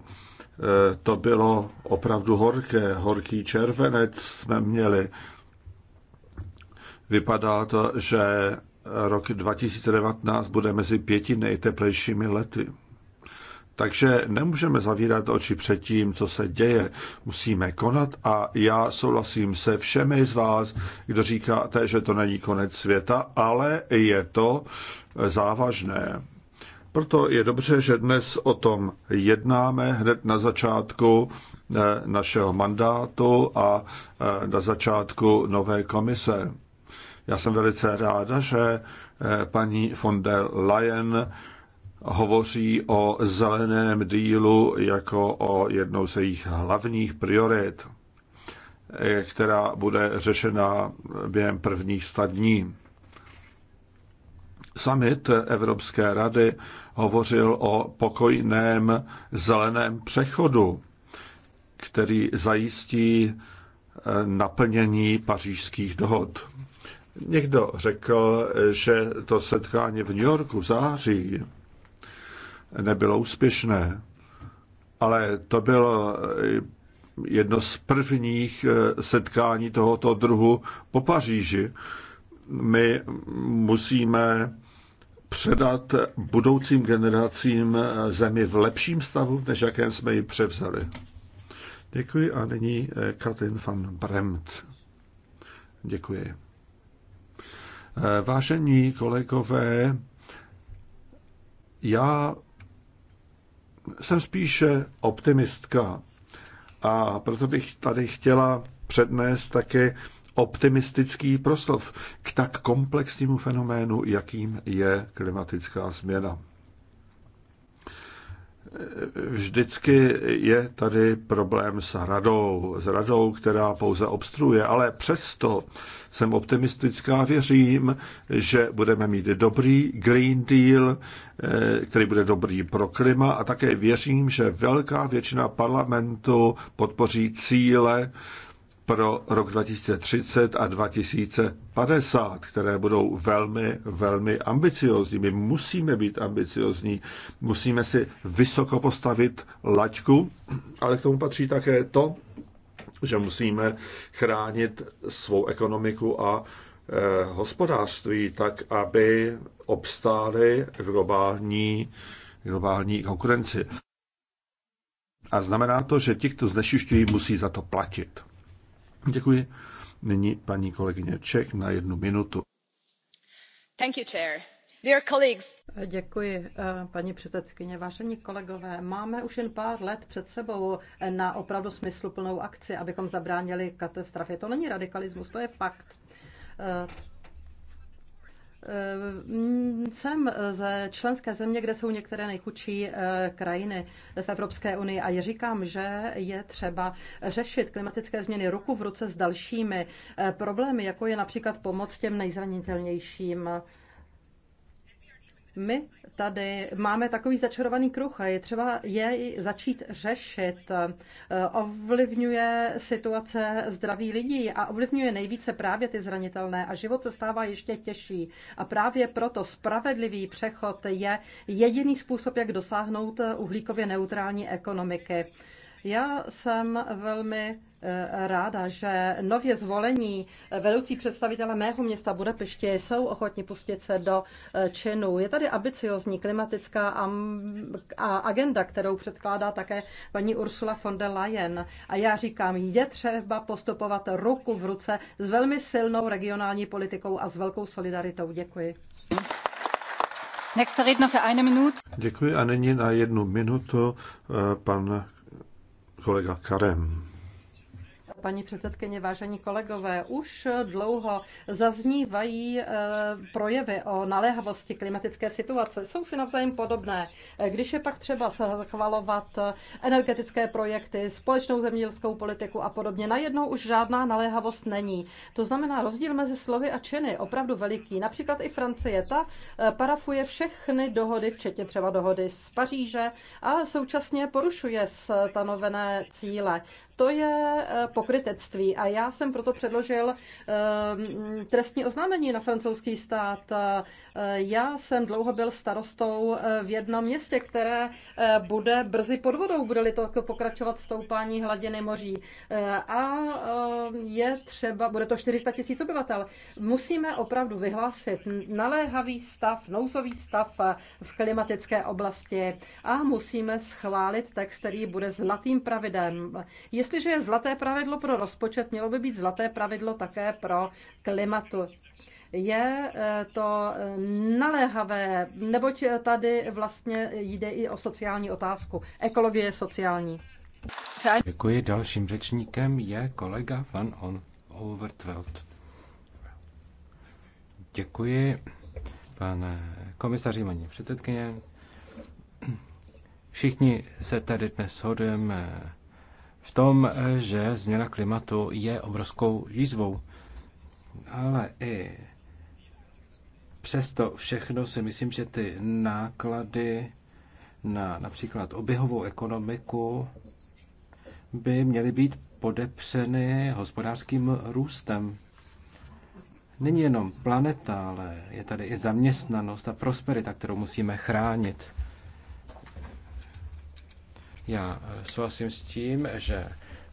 Speaker 3: To bylo opravdu horké, horký červenec jsme měli. Vypadá to, že rok 2019 bude mezi pěti nejteplejšími lety. Takže nemůžeme zavírat oči před tím, co se děje. Musíme konat a já souhlasím se všemi z vás, kdo říkáte, že to není konec světa, ale je to závažné. Proto je dobře, že dnes o tom jednáme hned na začátku eh, našeho mandátu a eh, na začátku nové komise. Já jsem velice ráda, že eh, paní von der Leyen hovoří o zeleném dílu jako o jednou z jejich hlavních priorit, eh, která bude řešena během prvních sta dní. Summit Evropské rady hovořil o pokojném zeleném přechodu, který zajistí eh, naplnění pařížských dohod. Někdo řekl, že to setkání v New Yorku v září nebylo úspěšné, ale to bylo jedno z prvních eh, setkání tohoto druhu po Paříži. My musíme předat budoucím generacím eh, zemi v lepším stavu, než jakém jsme ji převzali. Děkuji a nyní eh, Katyn van Bremt. Děkuji. Eh, vážení kolegové, já jsem spíše optimistka a proto bych tady chtěla přednést také optimistický proslov k tak komplexnímu fenoménu, jakým je klimatická změna. Vždycky je tady problém s radou, s radou, která pouze obstruje, ale přesto jsem optimistická, věřím, že budeme mít dobrý Green Deal, eh, který bude dobrý pro klima a také věřím, že velká většina parlamentu podpoří cíle, pro rok 2030 a 2050, které budou velmi, velmi ambiciozní. My musíme být ambiciozní, musíme si vysoko postavit laťku, ale k tomu patří také to, že musíme chránit svou ekonomiku a eh, hospodářství tak, aby obstály v globální, globální konkurenci. A znamená to, že ti, kdo musí za to platit. Děkuji. Nyní paní kolegyně Čech na jednu minutu.
Speaker 2: Thank you, chair.
Speaker 1: Dear colleagues. Děkuji, eh, paní předsedkyně. Vážení kolegové, máme už jen pár let před sebou na opravdu smysluplnou akci, abychom zabránili katastrofě. To není radikalismus, to je fakt eh, Ehm, jsem ze členské země, kde jsou některé nejchudší ehm, krajiny v Evropské unii a říkám, že je třeba řešit klimatické změny ruku v ruce s dalšími ehm, problémy, jako je například pomoc těm nejzranitelnějším. My tady máme takový začarovaný kruh a je třeba jej začít řešit. Ovlivňuje situace zdraví lidí a ovlivňuje nejvíce právě ty zranitelné a život se stává ještě těžší. A právě proto spravedlivý přechod je jediný způsob, jak dosáhnout uhlíkově neutrální ekonomiky. Já jsem velmi eh, ráda, že nově zvolení eh, vedoucí představitele mého města Budapeště jsou ochotni pustit se do eh, činu. Je tady ambiciozní klimatická agenda, kterou předkládá také paní Ursula von der Leyen. A já říkám, je třeba postupovat ruku v ruce s velmi silnou regionální politikou a s velkou solidaritou. Děkuji.
Speaker 3: Děkuji a nyní na jednu minutu pan kolega Karem
Speaker 1: paní předsedkyně, vážení kolegové. Už dlouho zaznívají eh, projevy o naléhavosti klimatické situace. Jsou si navzájem podobné. Když je pak třeba zachvalovat eh, energetické projekty, společnou zemědělskou politiku a podobně, najednou už žádná naléhavost není. To znamená rozdíl mezi slovy a činy opravdu veliký. Například i Francie, ta eh, parafuje všechny dohody, včetně třeba dohody z Paříže a současně porušuje stanovené cíle to je eh, pokrytectví. A já jsem proto předložil eh, trestní oznámení na francouzský stát. Eh, já jsem dlouho byl starostou v jednom městě, které bude brzy pod vodou, bude-li to pokračovat stoupání hladiny moří. A je třeba, bude to 400 tisíc obyvatel. Musíme opravdu vyhlásit naléhavý stav, nouzový stav v klimatické oblasti a musíme schválit text, který bude zlatým pravidlem. Je Jestliže je zlaté pravidlo pro rozpočet, mělo by být zlaté pravidlo také pro klimatu je eh, to eh, naléhavé, neboť eh, tady vlastně jde i o sociální otázku. Ekologie je sociální.
Speaker 2: Děkuji. Dalším řečníkem je kolega Van On Overtveld. Děkuji, pane komisaři, paní předsedkyně. Všichni se tady dnes shodujeme v tom, že změna klimatu je obrovskou výzvou. Ale i přesto všechno si myslím, že ty náklady na například oběhovou ekonomiku by měly být podepřeny hospodářským růstem. Není jenom planeta, ale je tady i zaměstnanost a prosperita, kterou musíme chránit. Já eh, souhlasím s tím, že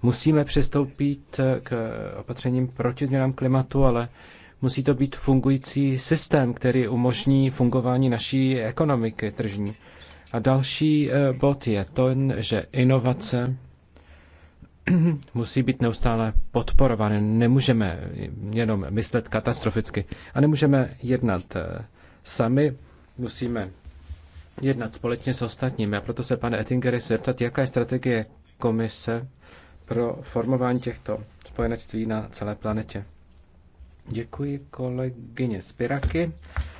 Speaker 2: musíme přistoupit eh, k opatřením proti změnám klimatu, ale musí to být fungující systém, který umožní fungování naší ekonomiky tržní. A další eh, bod je to, že inovace [clears throat] musí být neustále podporovány. Nemůžeme jenom myslet katastroficky a nemůžeme jednat sami. Musíme jednat společně s ostatními. A proto se, pane Ettingeri, zeptat, jaká je strategie komise pro formování těchto spojenectví na celé planetě. Děkuji kolegyně Spiraky.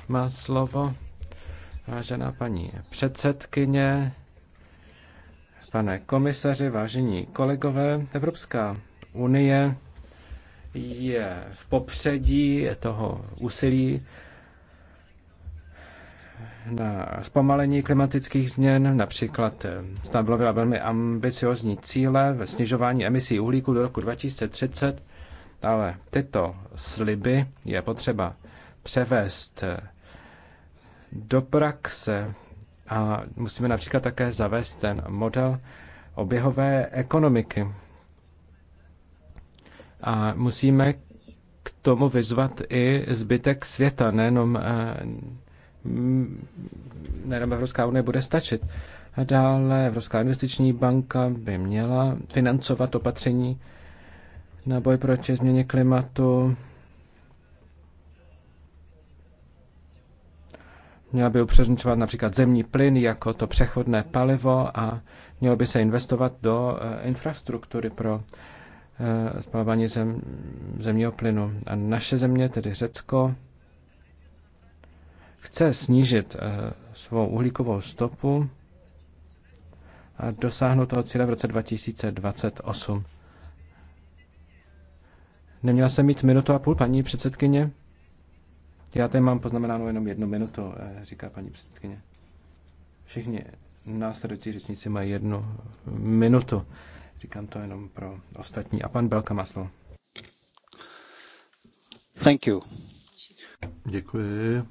Speaker 2: Má slovo vážená paní předsedkyně, pane komisaři, vážení kolegové. Evropská unie je v popředí toho úsilí na zpomalení klimatických změn. Například eh, stanovila velmi ambiciozní cíle ve snižování emisí uhlíku do roku 2030, ale tyto sliby je potřeba převést eh, do praxe a musíme například také zavést ten model oběhové ekonomiky. A musíme k tomu vyzvat i zbytek světa, nejenom eh, Mm, nejenom Evropská unie bude stačit. A dále Evropská investiční banka by měla financovat opatření na boj proti změně klimatu. Měla by upřednostňovat například zemní plyn jako to přechodné palivo a mělo by se investovat do eh, infrastruktury pro eh, spalování zem, zemního plynu. A naše země, tedy Řecko, chce snížit eh, svou uhlíkovou stopu a dosáhnout toho cíle v roce 2028. Neměla jsem mít minutu a půl, paní předsedkyně? Já tady mám poznamenáno jenom jednu minutu, eh, říká paní předsedkyně. Všichni následující řečníci mají jednu minutu. Říkám to jenom pro ostatní. A pan Belka má slovo.
Speaker 3: Thank you. Děkuji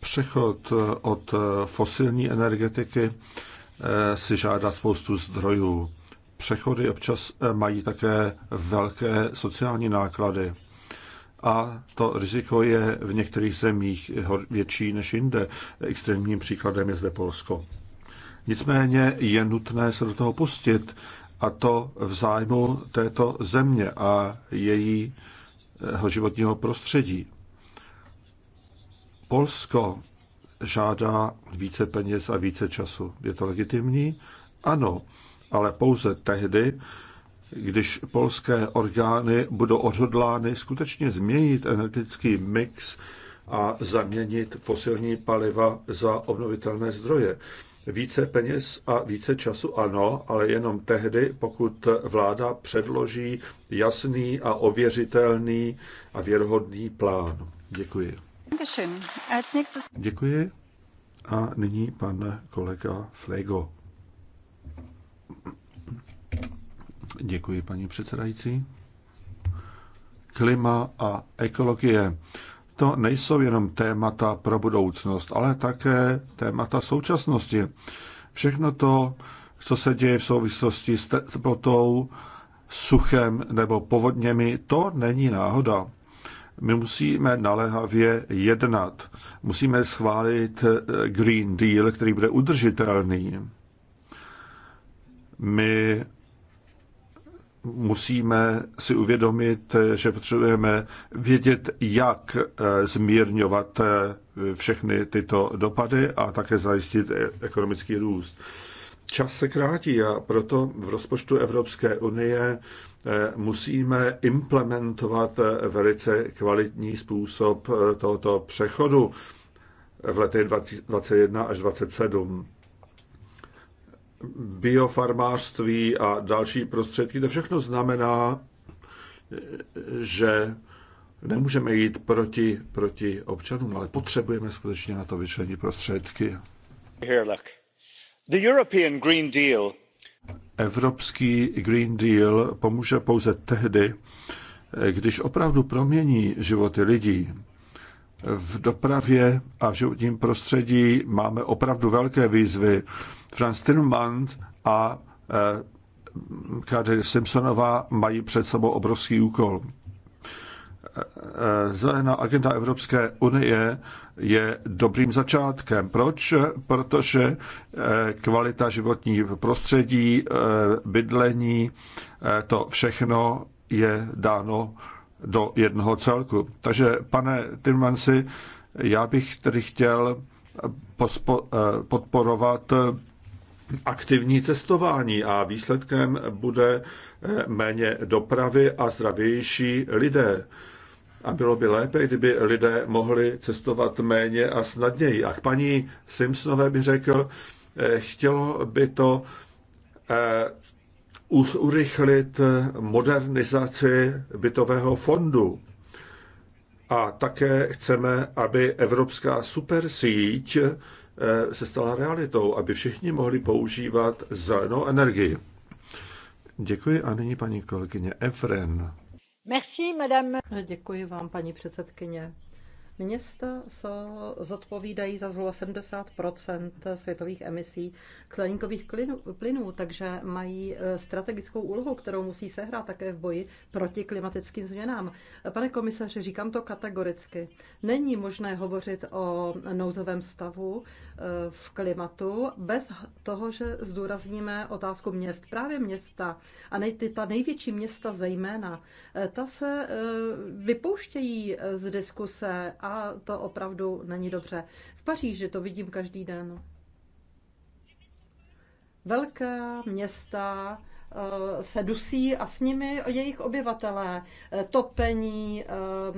Speaker 3: přechod eh, od eh, fosilní energetiky eh, si žádá spoustu zdrojů. Přechody občas mají také velké sociální náklady a to riziko je v některých zemích větší než jinde. Extrémním příkladem je zde Polsko. Nicméně je nutné se do toho pustit a to v zájmu této země a jejího životního prostředí. Polsko žádá více peněz a více času. Je to legitimní? Ano, ale pouze tehdy, když polské orgány budou odhodlány skutečně změnit energetický mix a zaměnit fosilní paliva za obnovitelné zdroje. Více peněz a více času ano, ale jenom tehdy, pokud vláda předloží jasný a ověřitelný a věrohodný plán. Děkuji. Děkuji. A nyní pan kolega Flego. Děkuji, paní předsedající. Klima a ekologie. To nejsou jenom témata pro budoucnost, ale také témata současnosti. Všechno to, co se děje v souvislosti s teplotou, suchem nebo povodněmi, to není náhoda. My musíme naléhavě jednat. Musíme schválit eh, Green Deal, který bude udržitelný. My musíme si uvědomit, že potřebujeme vědět, jak eh, zmírňovat eh, všechny tyto dopady a také zajistit ekonomický růst. Čas se krátí a proto v rozpočtu Evropské unie eh, musíme implementovat eh, velice kvalitní způsob eh, tohoto přechodu v letech 2021 až 2027 biofarmářství a další prostředky. To všechno znamená, že nemůžeme jít proti, proti občanům, ale potřebujeme skutečně na to vyšlení prostředky. Herlach. Evropský Green Deal pomůže pouze tehdy, když opravdu promění životy lidí. V dopravě a v životním prostředí máme opravdu velké výzvy. Franz Timmermans a eh, Kadir Simpsonová mají před sebou obrovský úkol zelená agenda Evropské unie je dobrým začátkem. Proč? Protože eh, kvalita životního prostředí, eh, bydlení, eh, to všechno je dáno do jednoho celku. Takže, pane Timmansi, já bych tedy chtěl podporovat aktivní cestování a výsledkem bude méně dopravy a zdravější lidé. A bylo by lépe, kdyby lidé mohli cestovat méně a snadněji. A k paní Simpsonové by řekl, eh, chtělo by to eh, urychlit modernizaci bytového fondu. A také chceme, aby evropská supersíť eh, se stala realitou, aby všichni mohli používat zelenou energii. Děkuji a nyní paní kolegyně Efren.
Speaker 1: Děkuji vám, paní předsedkyně. Města se zodpovídají za zhruba 70 světových emisí skleníkových plynů, takže mají eh, strategickou úlohu, kterou musí sehrát také v boji proti klimatickým změnám. Pane komisaři, říkám to kategoricky. Není možné hovořit o nouzovém stavu, Eh, v klimatu bez toho, že zdůrazníme otázku měst. Právě města a nej, ty, ta největší města zejména, eh, ta se eh, vypouštějí z diskuse a to opravdu není dobře. V Paříži to vidím každý den. Velká města Eh, se dusí a s nimi jejich obyvatelé. Eh, topení, eh,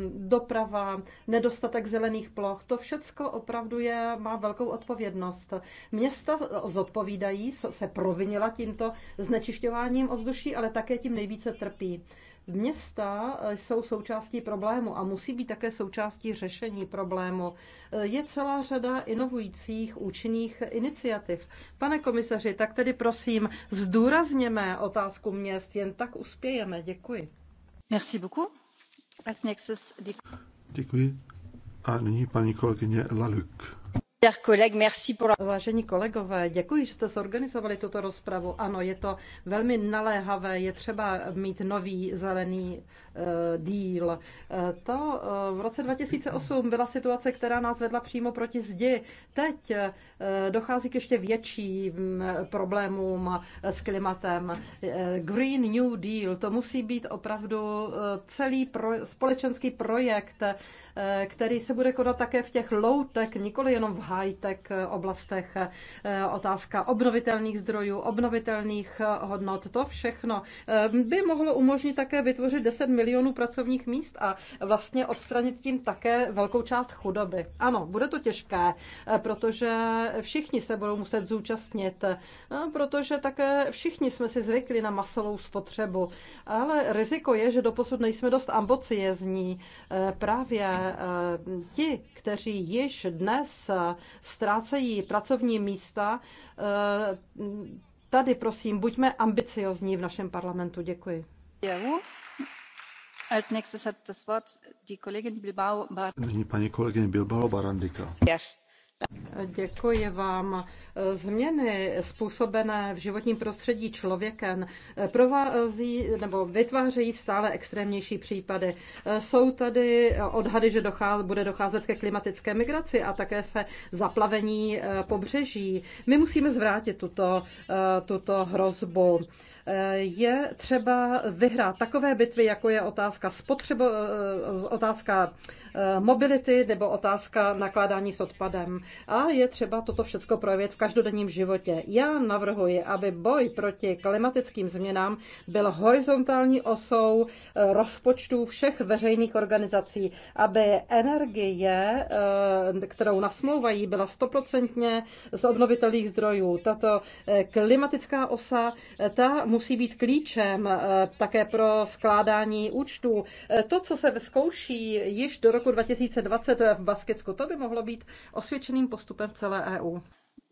Speaker 1: doprava, nedostatek zelených ploch, to všecko opravdu je, má velkou odpovědnost. Města zodpovídají, se provinila tímto znečišťováním ovzduší, ale také tím nejvíce trpí. Města eh, jsou součástí problému a musí být také součástí řešení problému. Eh, je celá řada inovujících účinných iniciativ. Pane komisaři, tak tedy prosím, zdůrazněme otázku měst, jen tak uspějeme. Děkuji. Merci beaucoup.
Speaker 3: Děkuji. A nyní paní kolegyně Laluk.
Speaker 1: Vážení kolegové, děkuji, že jste zorganizovali tuto rozpravu. Ano, je to velmi naléhavé, je třeba mít nový zelený uh, díl. Eh, to uh, v roce 2008 byla situace, která nás vedla přímo proti zdi. Teď uh, dochází k ještě větším problémům s klimatem. Green New Deal, to musí být opravdu celý pro, společenský projekt Eh, který se bude konat také v těch low-tech, nikoli jenom v high-tech oblastech. Eh, otázka obnovitelných zdrojů, obnovitelných eh, hodnot, to všechno by mohlo umožnit také vytvořit 10 milionů pracovních míst a vlastně odstranit tím také velkou část chudoby. Ano, bude to těžké, protože všichni se budou muset zúčastnit, protože také všichni jsme si zvykli na masovou spotřebu, ale riziko je, že doposud nejsme dost ambiciozní právě Eh, ti, kteří již dnes eh, ztrácejí pracovní místa, eh, tady prosím, buďme ambiciozní v našem parlamentu. Děkuji. Als nächstes hat das Wort die Kollegin Bilbao Bar
Speaker 3: Nyní paní kolegyně Bilbao Barandika.
Speaker 1: Yes. Děkuji vám. Změny způsobené v životním prostředí člověkem provází nebo vytvářejí stále extrémnější případy. Jsou tady odhady, že dochází, bude docházet ke klimatické migraci a také se zaplavení eh, pobřeží. My musíme zvrátit tuto, eh, tuto hrozbu eh, je třeba vyhrát takové bitvy, jako je otázka, spotřebo, otázka Eh, mobility nebo otázka nakládání s odpadem. A je třeba toto všechno projevit v každodenním životě. Já navrhuji, aby boj proti klimatickým změnám byl horizontální osou eh, rozpočtů všech veřejných organizací, aby energie, eh, kterou nasmlouvají, byla stoprocentně z obnovitelných zdrojů. Tato klimatická osa, ta musí být klíčem také pro skládání účtů. To, co se zkouší již do roku roku 2020 v Baskicku. To by mohlo být osvědčeným postupem v celé EU.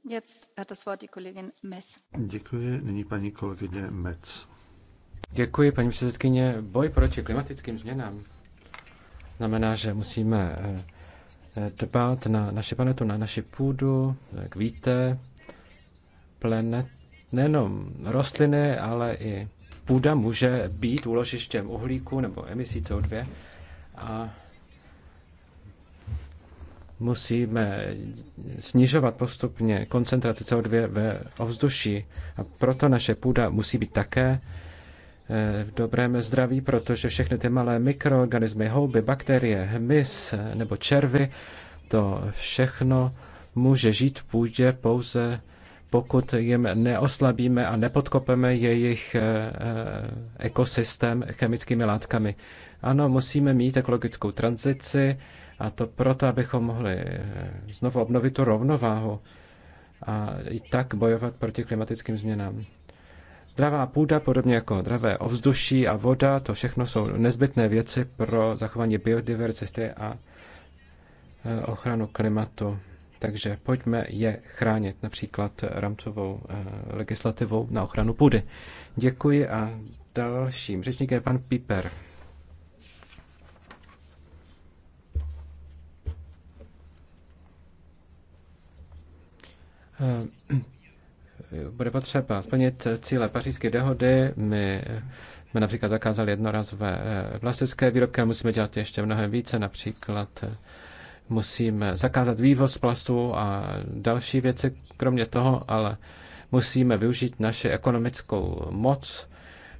Speaker 1: Jetzt hat das Wort die Kollegin Metz.
Speaker 3: Děkuji, nyní
Speaker 2: paní kolegyně Metz. Děkuji, paní předsedkyně. Boj proti klimatickým změnám znamená, že musíme eh, dbát na naši planetu, na naši půdu. Jak víte, planet, nejenom rostliny, ale i půda může být úložištěm uhlíku nebo emisí CO2. A musíme snižovat postupně koncentraci CO2 ve ovzduší a proto naše půda musí být také eh, v dobrém zdraví, protože všechny ty malé mikroorganismy, houby, bakterie, hmyz nebo červy, to všechno může žít v půdě pouze pokud jim neoslabíme a nepodkopeme jejich eh, eh, ekosystém chemickými látkami. Ano, musíme mít ekologickou tranzici, a to proto, abychom mohli eh, znovu obnovit tu rovnováhu a i tak bojovat proti klimatickým změnám. Dravá půda, podobně jako dravé ovzduší a voda, to všechno jsou nezbytné věci pro zachování biodiverzity a eh, ochranu klimatu. Takže pojďme je chránit například rámcovou eh, legislativou na ochranu půdy. Děkuji a dalším řečníkem je pan Piper. Eh, [clears throat] bude potřeba splnit cíle pařížské dohody. My jsme například zakázali jednorazové plastické eh, výrobky, ale musíme dělat ještě mnohem více, například eh, musíme zakázat vývoz plastů a další věci, kromě toho, ale musíme využít naši ekonomickou moc,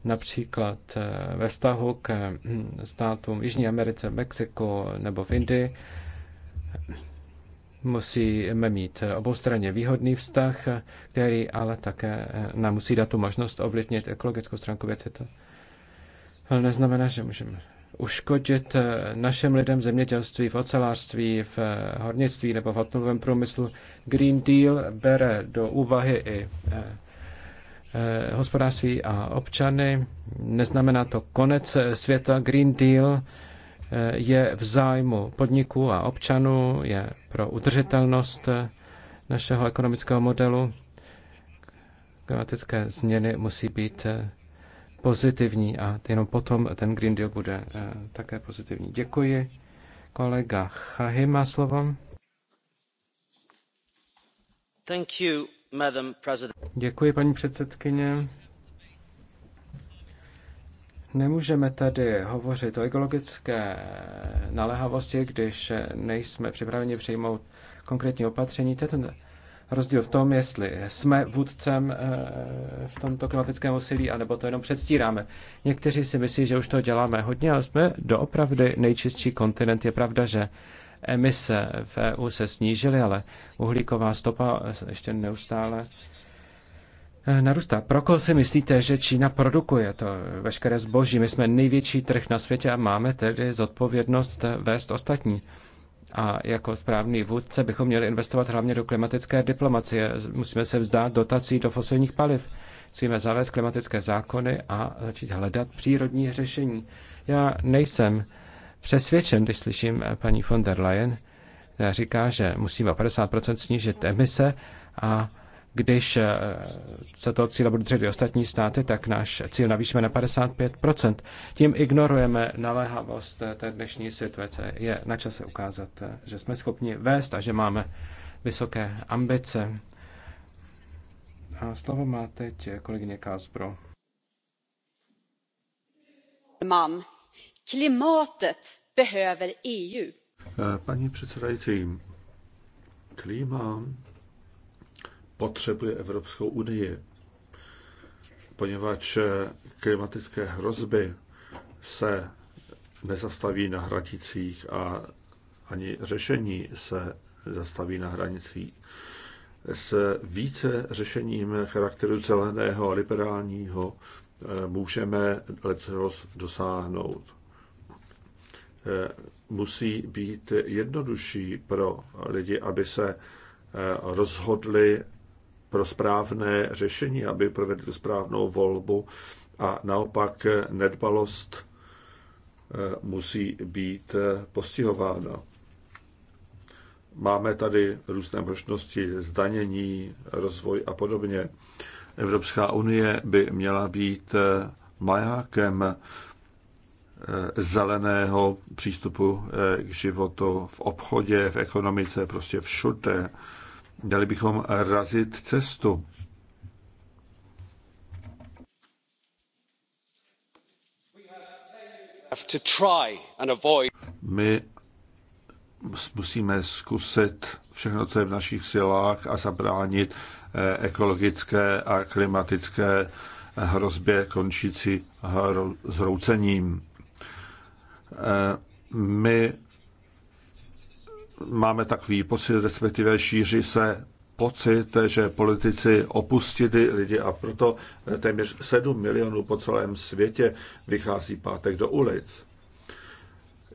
Speaker 2: například ve vztahu k hm, státům Jižní Americe, Mexiku nebo v Indii. Musíme mít oboustranně výhodný vztah, který ale také nám musí dát tu možnost ovlivnit ekologickou stránku věci. To ale neznamená, že můžeme uškodit našem lidem v zemědělství, v ocelářství, v hornictví nebo v automobilovém průmyslu. Green Deal bere do úvahy i eh, eh, hospodářství a občany. Neznamená to konec světa. Green Deal je v zájmu podniků a občanů, je pro udržitelnost našeho ekonomického modelu. Klimatické změny musí být pozitivní a jenom potom ten Green Deal bude eh, také pozitivní. Děkuji. Kolega Chahy má slovo. Děkuji, paní předsedkyně. Nemůžeme tedy hovořit o ekologické naléhavosti, když nejsme připraveni přijmout konkrétní opatření. To je ten rozdíl v tom, jestli jsme vůdcem eh, v tomto klimatickém úsilí, anebo to jenom předstíráme. Někteří si myslí, že už to děláme hodně, ale jsme doopravdy nejčistší kontinent. Je pravda, že emise v EU se snížily, ale uhlíková stopa ještě neustále Eh, narůstá. Pro koho si myslíte, že Čína produkuje to veškeré zboží? My jsme největší trh na světě a máme tedy zodpovědnost eh, vést ostatní. A jako správný vůdce bychom měli investovat hlavně do klimatické diplomacie. Musíme se vzdát dotací do fosilních paliv. Musíme zavést klimatické zákony a začít hledat přírodní řešení. Já nejsem přesvědčen, když slyším eh, paní von der Leyen, která říká, že musíme o 50% snížit emise a když eh, se toho cíle budou dřít i ostatní státy, tak náš cíl navýšíme na 55 Tím ignorujeme naléhavost té dnešní situace. Je na čase ukázat, eh, že jsme schopni vést a že máme vysoké ambice. A slovo má teď eh, kolegyně
Speaker 3: Kásbro.
Speaker 1: Mám. Klimatet behöver EU.
Speaker 3: Paní předsedající, klima potřebuje Evropskou unii, poněvadž klimatické hrozby se nezastaví na hranicích a ani řešení se zastaví na hranicích. S více řešením charakteru zeleného a liberálního eh, můžeme letos dosáhnout. Eh, musí být jednodušší pro lidi, aby se eh, rozhodli pro správné řešení, aby provedli správnou volbu a naopak nedbalost eh, musí být eh, postihována. Máme tady různé možnosti zdanění, rozvoj a podobně. Evropská unie by měla být eh, majákem zeleného přístupu k životu v obchodě, v ekonomice, prostě všude. Měli bychom razit cestu. My musíme zkusit všechno, co je v našich silách a zabránit eh, ekologické a klimatické hrozbě končící zroucením. Eh, my máme takový pocit, respektive šíří se pocit, že politici opustili lidi a proto téměř 7 milionů po celém světě vychází pátek do ulic.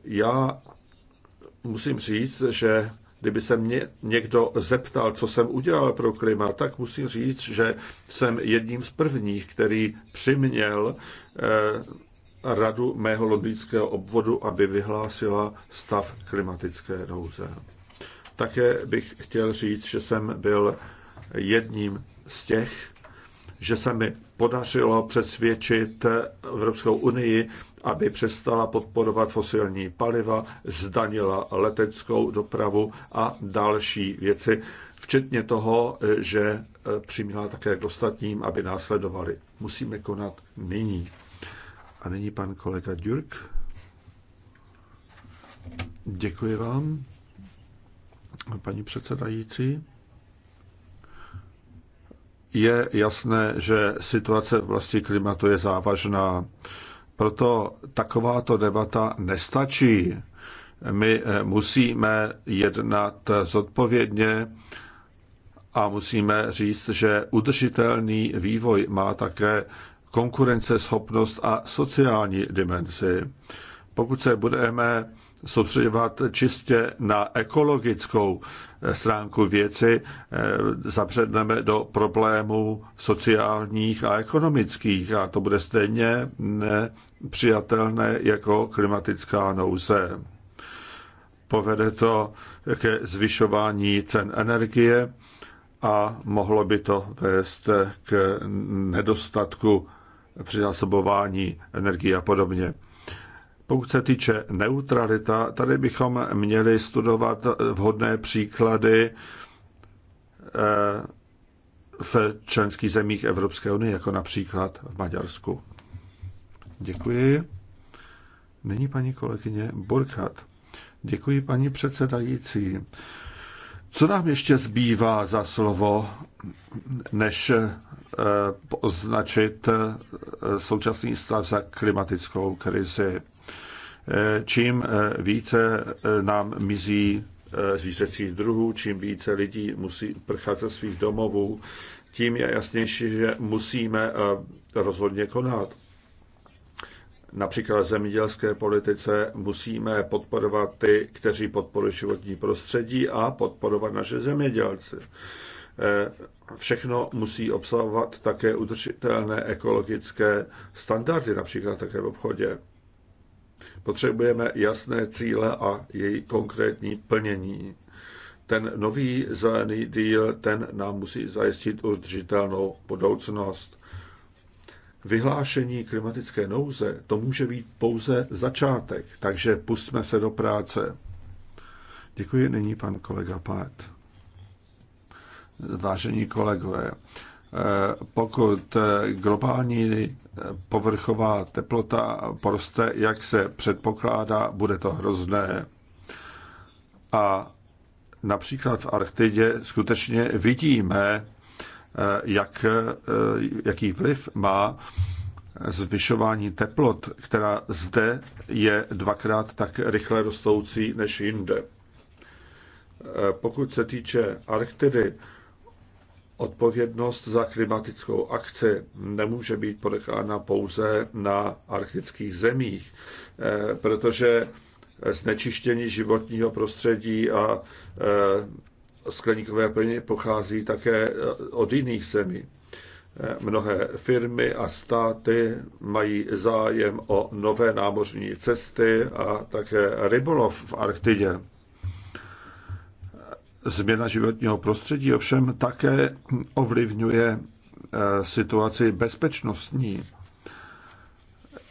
Speaker 3: Já musím říct, že kdyby se mě někdo zeptal, co jsem udělal pro klima, tak musím říct, že jsem jedním z prvních, který přiměl eh, radu mého londýnského obvodu, aby vyhlásila stav klimatické nouze. Také bych chtěl říct, že jsem byl jedním z těch, že se mi podařilo přesvědčit Evropskou unii, aby přestala podporovat fosilní paliva, zdanila leteckou dopravu a další věci, včetně toho, že e, přiměla také k ostatním, aby následovali. Musíme konat nyní. A nyní pan kolega Dürk. Děkuji vám, paní předsedající. Je jasné, že situace v oblasti klimatu je závažná. Proto takováto debata nestačí. My eh, musíme jednat zodpovědně a musíme říct, že udržitelný vývoj má také konkurenceschopnost a sociální dimenzi. Pokud se budeme soustředovat čistě na ekologickou eh, stránku věci, eh, zabředneme do problémů sociálních a ekonomických a to bude stejně nepřijatelné jako klimatická nouze. Povede to ke zvyšování cen energie a mohlo by to vést k nedostatku přinásobování energie a podobně. Pokud se týče neutralita, tady bychom měli studovat vhodné příklady eh, v členských zemích Evropské unie, jako například v Maďarsku. Děkuji. Nyní paní kolegyně Burkhardt. Děkuji paní předsedající. Co nám ještě zbývá za slovo, než Eh, označit eh, současný stav za klimatickou krizi. Eh, čím více nám mizí zvířecích druhů, čím více lidí musí prchat ze svých domovů, tím je jasnější, že musíme rozhodně konat. Například v zemědělské politice musíme podporovat ty, kteří podporují životní prostředí a podporovat naše zemědělce. Eh, všechno musí obsahovat také udržitelné ekologické standardy, například také v obchodě. Potřebujeme jasné cíle a její konkrétní plnění. Ten nový zelený díl, ten nám musí zajistit udržitelnou budoucnost. Vyhlášení klimatické nouze, to může být pouze začátek, takže pusme se do práce. Děkuji, nyní pan kolega Pát. Vážení kolegové, eh, pokud eh, globální eh, povrchová teplota poroste, jak se předpokládá, bude to hrozné. A například v Arktidě skutečně vidíme, jak, jaký vliv má zvyšování teplot, která zde je dvakrát tak rychle rostoucí než jinde. Pokud se týče Arktidy, odpovědnost za klimatickou akci nemůže být ponechána pouze na arktických zemích, eh, protože znečištění životního prostředí a eh, skleníkové plyny pochází také eh, od jiných zemí. Mnohé firmy a státy mají zájem o nové námořní cesty a také rybolov v Arktidě. Změna životního prostředí ovšem také ovlivňuje eh, situaci bezpečnostní.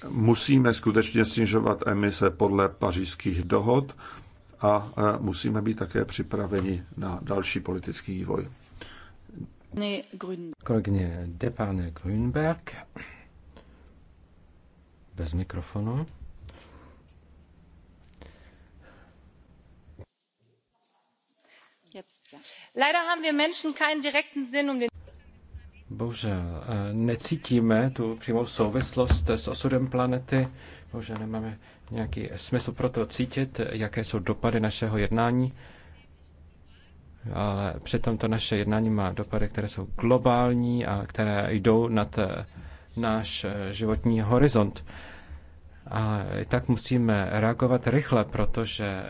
Speaker 3: Musíme skutečně snižovat emise podle pařížských dohod a eh, musíme být také připraveni na další politický vývoj. Kolegyně Depane Grünberg
Speaker 2: bez mikrofonu. Um bohužel eh, necítíme tu přímou souvislost s osudem planety, bohužel nemáme nějaký smysl pro to cítit, jaké jsou dopady našeho jednání, ale přitom to naše jednání má dopady, které jsou globální a které jdou nad eh, náš eh, životní horizont. Ale i tak musíme reagovat rychle, protože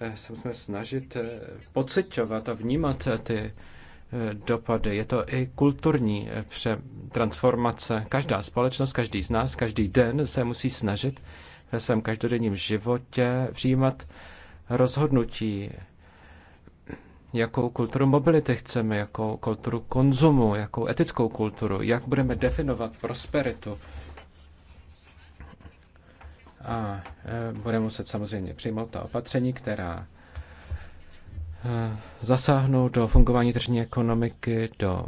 Speaker 2: Eh, se musíme snažit eh, pocitovat a vnímat eh, ty dopady. Je to i kulturní transformace. Každá společnost, každý z nás, každý den se musí snažit ve svém každodenním životě přijímat rozhodnutí, jakou kulturu mobility chceme, jakou kulturu konzumu, jakou etickou kulturu, jak budeme definovat prosperitu a e, bude muset samozřejmě přijmout ta opatření, která e, zasáhnou do fungování tržní ekonomiky, do,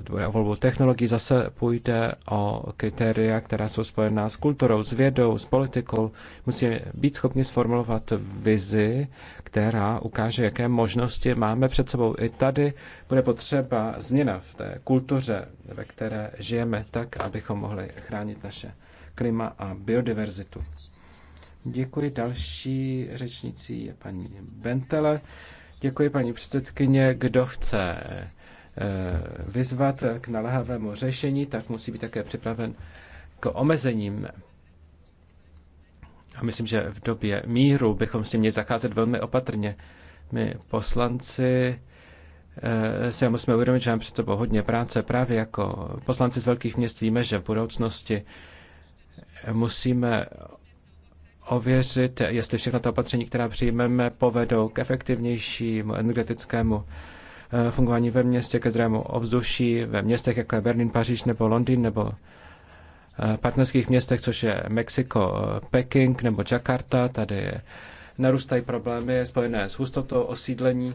Speaker 2: do volbu technologií. Zase půjde o kritéria, která jsou spojená s kulturou, s vědou, s politikou. Musíme být schopni sformulovat vizi, která ukáže, jaké možnosti máme před sebou. I tady bude potřeba změna v té kultuře, ve které žijeme, tak, abychom mohli chránit naše klima a biodiverzitu. Děkuji další řečnicí je paní Bentele. Děkuji paní předsedkyně. Kdo chce eh, vyzvat k naléhavému řešení, tak musí být také připraven k omezením. A myslím, že v době míru bychom si měli zacházet velmi opatrně. My poslanci eh, se musíme uvědomit, že máme před sebou hodně práce. Právě jako poslanci z velkých měst víme, že v budoucnosti musíme ověřit, jestli všechno to opatření, která přijmeme, povedou k efektivnějšímu energetickému eh, fungování ve městě, ke zdravému ovzduší, ve městech jako je Berlín, Paříž nebo Londýn nebo eh, partnerských městech, což je Mexiko, eh, Peking nebo Jakarta. Tady narůstají problémy spojené s hustotou osídlení.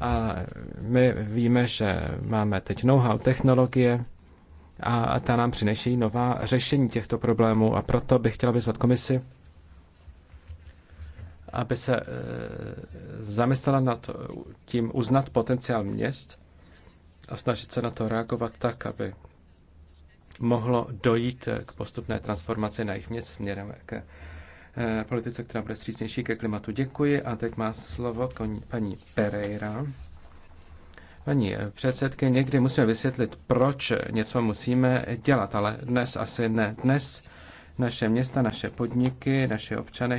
Speaker 2: A my víme, že máme teď know-how, technologie, a ta nám přineší nová řešení těchto problémů. A proto bych chtěla vyzvat komisi, aby se e, zamyslela nad tím uznat potenciál měst a snažit se na to reagovat tak, aby mohlo dojít e, k postupné transformaci na jejich měst směrem k e, politice, která bude střícnější ke klimatu. Děkuji a teď má slovo paní Pereira. Paní předsedky, někdy musíme vysvětlit, proč něco musíme dělat, ale dnes asi ne. Dnes naše města, naše podniky, naše občané